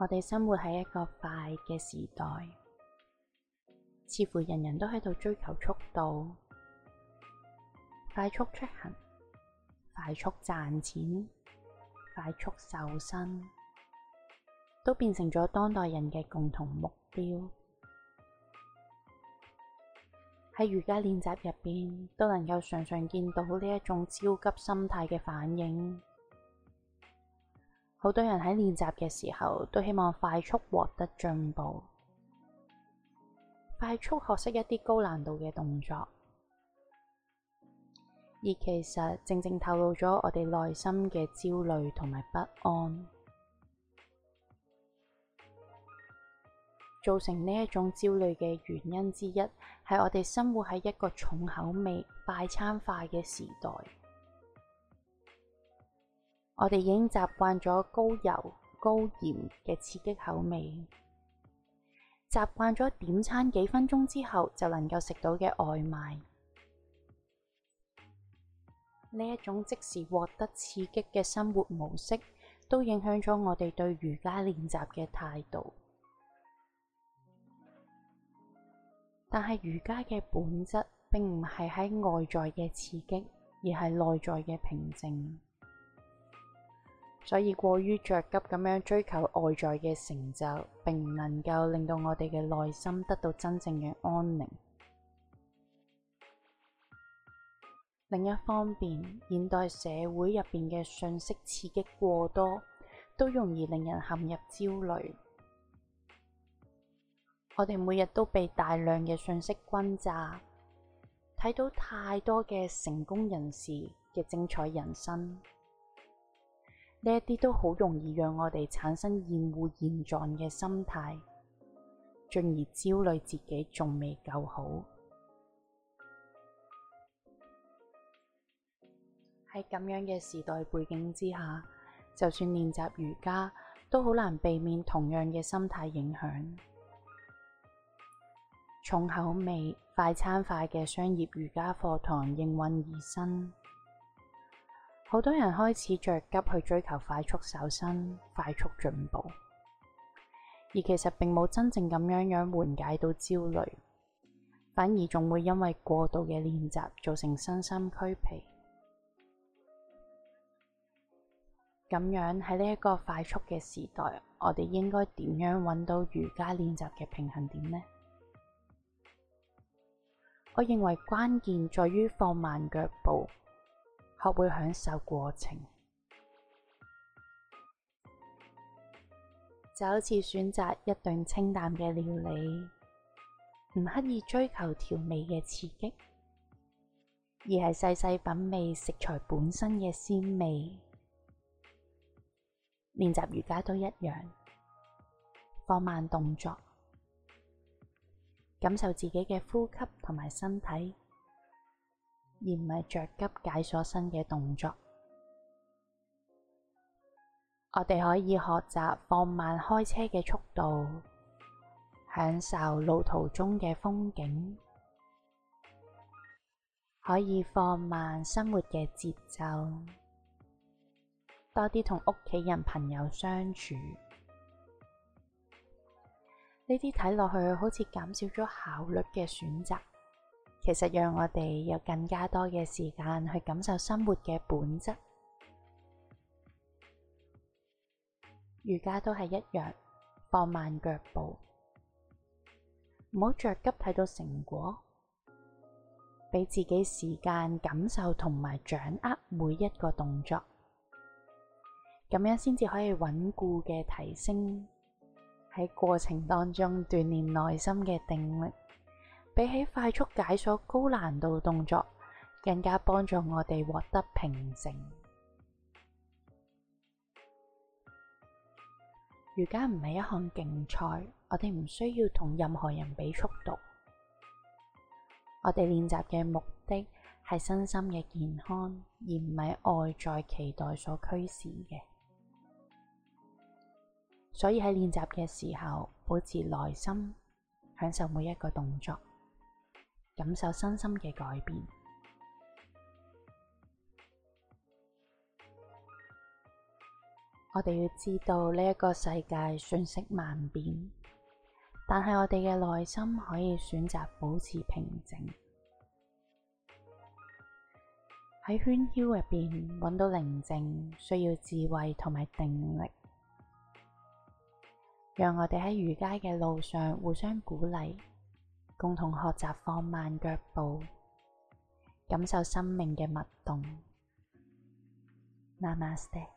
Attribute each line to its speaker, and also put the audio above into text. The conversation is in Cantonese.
Speaker 1: 我哋生活喺一個快嘅時代，似乎人人都喺度追求速度、快速出行、快速賺錢、快速瘦身，都變成咗當代人嘅共同目標。喺瑜伽練習入邊，都能夠常常見到呢一種焦急心態嘅反應。好多人喺練習嘅時候，都希望快速獲得進步，快速學識一啲高難度嘅動作，而其實正正透露咗我哋內心嘅焦慮同埋不安，造成呢一種焦慮嘅原因之一，係我哋生活喺一個重口味、快餐化嘅時代。我哋已經習慣咗高油、高鹽嘅刺激口味，習慣咗點餐幾分鐘之後就能夠食到嘅外賣，呢一種即時獲得刺激嘅生活模式，都影響咗我哋對瑜伽練習嘅態度。但係瑜伽嘅本質，並唔係喺外在嘅刺激，而係內在嘅平靜。所以，過於着急咁樣追求外在嘅成就，並唔能夠令到我哋嘅內心得到真正嘅安寧。另一方面，現代社會入邊嘅信息刺激過多，都容易令人陷入焦慮。我哋每日都被大量嘅信息轟炸，睇到太多嘅成功人士嘅精彩人生。呢一啲都好容易讓我哋產生厭惡現狀嘅心態，進而焦慮自己仲未夠好。喺咁樣嘅時代背景之下，就算練習瑜伽，都好難避免同樣嘅心態影響。重口味、快餐化嘅商業瑜伽課堂應運而生。好多人開始着急去追求快速瘦身、快速進步，而其實並冇真正咁樣樣緩解到焦慮，反而仲會因為過度嘅練習造成身心俱疲。咁樣喺呢一個快速嘅時代，我哋應該點樣揾到瑜伽練習嘅平衡點呢？我認為關鍵在於放慢腳步。學會享受過程，就好似選擇一頓清淡嘅料理，唔刻意追求調味嘅刺激，而係細細品味食材本身嘅鮮味。練習瑜伽都一樣，放慢動作，感受自己嘅呼吸同埋身體。而唔係着急解鎖新嘅動作，我哋可以學習放慢開車嘅速度，享受路途中嘅風景，可以放慢生活嘅節奏，多啲同屋企人朋友相處。呢啲睇落去好似減少咗效率嘅選擇。其實讓我哋有更加多嘅時間去感受生活嘅本質，瑜伽都係一樣，放慢腳步，唔好着急睇到成果，俾自己時間感受同埋掌握每一個動作，咁樣先至可以穩固嘅提升，喺過程當中鍛煉內心嘅定力。比起快速解鎖高難度動作，更加幫助我哋獲得平靜。瑜伽唔係一項競賽，我哋唔需要同任何人比速度。我哋練習嘅目的係身心嘅健康，而唔係外在期待所驅使嘅。所以喺練習嘅時候，保持耐心，享受每一個動作。感受身心嘅改變。 我哋要知道呢一個世界瞬息萬變，但係我哋嘅內心可以選擇保持平靜。喺喧囂入邊揾到寧靜，需要智慧同埋定力。讓我哋喺瑜伽嘅路上互相鼓勵。共同學習放慢腳步，感受生命嘅脈動。Namaste。